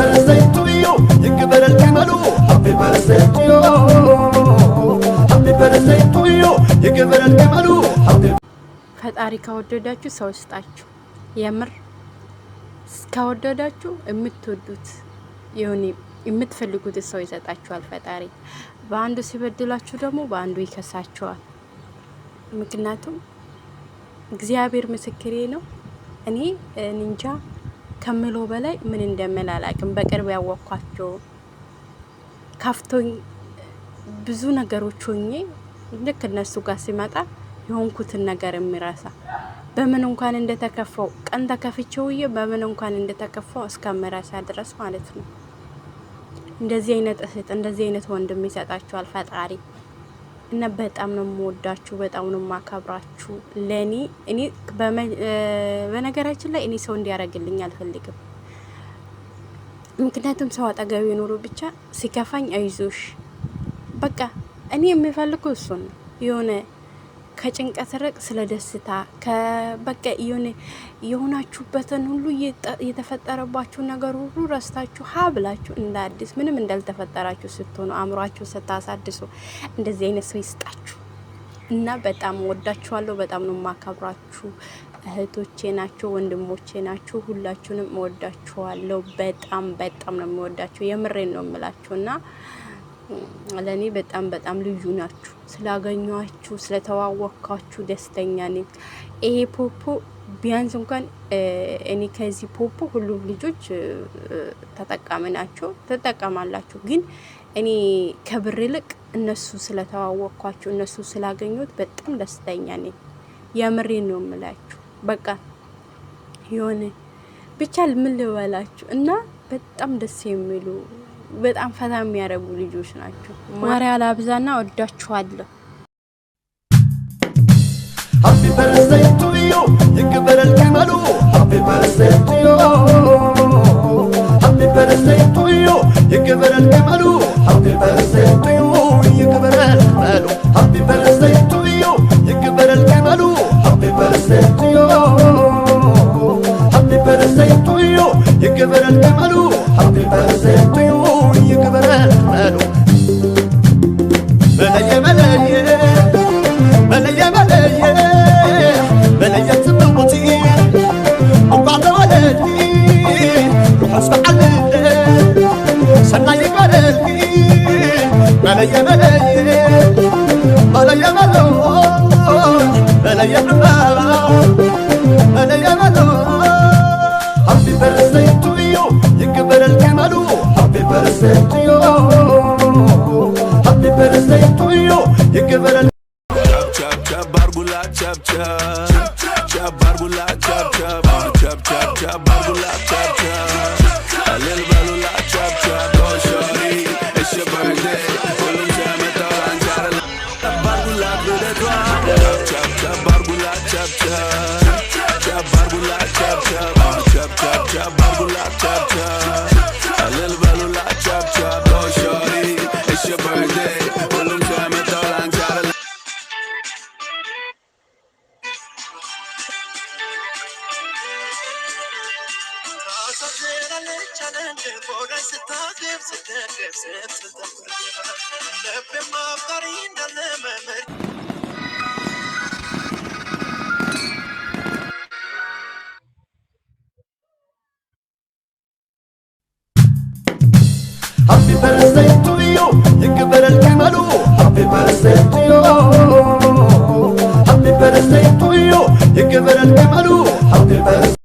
birthday to you ይግ በረቴ በሉ ሃፒ በርዝዴይ ቱ ዩ ሃፒ በርዝዴይ ቱ ዩ ይግ በረቴ በሉ። ፈጣሪ ከወደዳችሁ ሰው ይስጣችሁ። የምር ከወደዳችሁ የምትወዱት የሆነ የምትፈልጉት ሰው ይሰጣችኋል ፈጣሪ። በአንዱ ሲበድላችሁ ደግሞ በአንዱ ይከሳችኋል። ምክንያቱም እግዚአብሔር ምስክሬ ነው። እኔ እንጃ ከምለው በላይ ምን እንደምል በቅርብ ያወኳቸው ከፍቶኝ ብዙ ነገሮች ሆኜ ልክ እነሱ ጋር ሲመጣ የሆንኩትን ነገር የሚረሳ በምን እንኳን እንደተከፋው ቀን ተከፍቼውዬ በምን እንኳን እንደተከፋው እስከምረሳ ድረስ ማለት ነው። እንደዚህ አይነት እህት እንደዚህ አይነት ወንድም ይሰጣቸዋል ፈጣሪ። እና በጣም ነው የምወዳችሁ፣ በጣም ነው የማከብራችሁ። ለእኔ እኔ በነገራችን ላይ እኔ ሰው እንዲያደርግልኝ አልፈልግም። ምክንያቱም ሰው አጠገቢ ኑሮ ብቻ ሲከፋኝ አይዞሽ በቃ እኔ የሚፈልገው እሱን የሆነ ከጭንቀት ርቅ፣ ስለ ደስታ ከበቀ የሆናችሁበትን ሁሉ የተፈጠረባችሁ ነገር ሁሉ ረስታችሁ ሀ ብላችሁ እንደ አዲስ ምንም እንዳልተፈጠራችሁ ስትሆኑ አእምሯችሁ ስታሳድሱ እንደዚህ አይነት ሰው ይስጣችሁ እና በጣም ወዳችኋለሁ። በጣም ነው የማከብራችሁ። እህቶቼ ናቸው፣ ወንድሞቼ ናቸው። ሁላችሁንም እወዳችኋለሁ። በጣም በጣም ነው የምወዳችሁ። የምሬን ነው የምላችሁ እና ለእኔ በጣም በጣም ልዩ ናችሁ። ስላገኟችሁ ስለተዋወቅኳችሁ ደስተኛ ነኝ። ይሄ ፖፖ ቢያንስ እንኳን እኔ ከዚህ ፖፖ ሁሉም ልጆች ተጠቃሚ ናቸው፣ ትጠቀማላችሁ። ግን እኔ ከብር ይልቅ እነሱ ስለተዋወቅኳቸው እነሱ ስላገኙት በጣም ደስተኛ ነኝ። የምሬ ነው የምላችሁ። በቃ የሆነ ብቻ ምን ልበላችሁ እና በጣም ደስ የሚሉ በጣም ፈታ የሚያደርጉ ልጆች ናቸው። ማሪያ ላብዛና ወዳችኋለሁ። ሃፒ በርዝዴይ ቱ ዩ ይክበረል ግመሉ ሃፒ በርዝዴይ ቱ ዩ ቱ ዩ ይክበረል ቱ ዩ ይክበረል ቱ ዩ ይክበረል ቱ ዩ ቱ ዩ ይክበረል አስበዓል ሰናይ በለኝ በለየ በለየ chop chop chop barbula chop chop chop chop chop barbula chop chop a little barbula chop chop oh shorty Happy birthday to you, يكبر الجمل Happy birthday to you Happy birthday to you يكبر الجمل Happy birthday